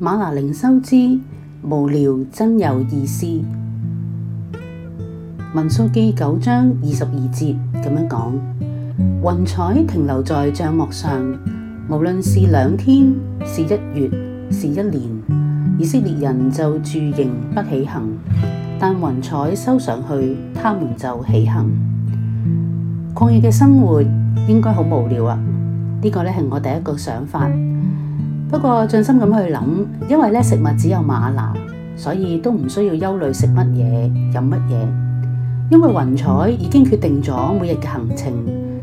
馬拿靈修，之無聊真有意思。民數記九章二十二節咁樣講：雲彩停留在帳幕上，無論是兩天、是一月、是一年，以色列人就住營不起行；但雲彩收上去，他們就起行。曠野嘅生活應該好無聊啊！呢個呢係我第一個想法。不過，盡心咁去諗，因為食物只有馬拿，所以都唔需要憂慮食乜嘢、飲乜嘢。因為雲彩已經決定咗每日嘅行程，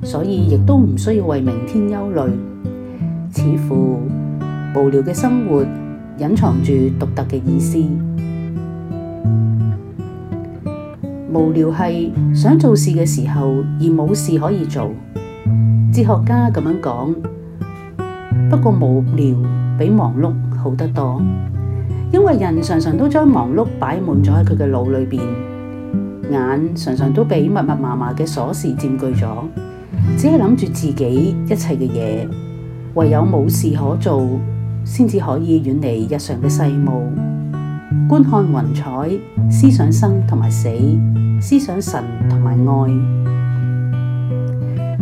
所以亦都唔需要為明天憂慮。似乎無聊嘅生活隱藏住獨特嘅意思。無聊係想做事嘅時候而冇事可以做。哲學家咁樣講。不過無聊比忙碌好得多，因為人常常都將忙碌擺滿咗喺佢嘅腦裏邊，眼常常都被密密麻麻嘅瑣事佔據咗，只係諗住自己一切嘅嘢。唯有冇事可做，先至可以遠離日常嘅世務，觀看雲彩，思想生同埋死，思想神同埋愛，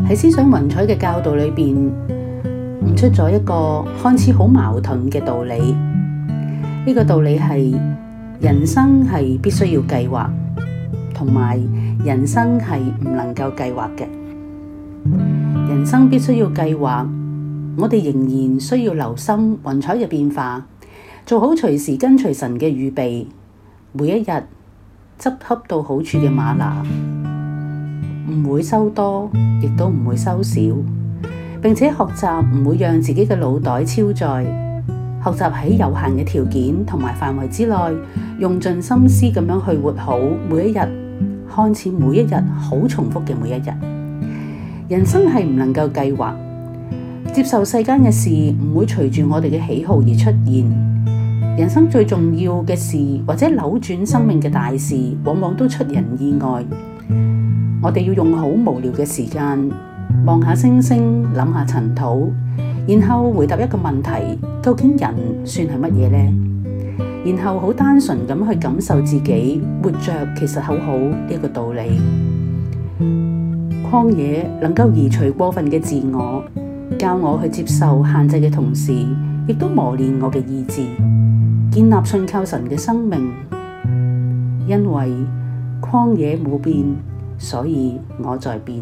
喺思想雲彩嘅教導裏邊，悟出咗一個看似好矛盾嘅道理，呢、這個道理係人生係必須要計劃，同埋人生係唔能夠計劃嘅。人生必須要計劃，我哋仍然需要留心雲彩嘅變化，做好隨時跟隨神嘅預備。每一日執恰到好處嘅馬拿，唔會收多，亦都唔會收少。並且學習唔會讓自己嘅腦袋超載，學習喺有限嘅條件同埋範圍之內，用盡心思咁樣去活好每一日，看似每一日好重複嘅每一日。人生係唔能夠計劃，接受世間嘅事唔會隨住我哋嘅喜好而出現。人生最重要嘅事或者扭轉生命嘅大事，往往都出人意外。我哋要用好無聊嘅時間。望下星星，諗下塵土，然後回答一個問題：究竟人算係乜嘢呢？然後好單純咁去感受自己，活着其實好好，呢個道理。曠野能夠移除過分嘅自我，教我去接受限制嘅同時，亦都磨練我嘅意志，建立信靠神嘅生命。因為曠野冇變，所以我在變。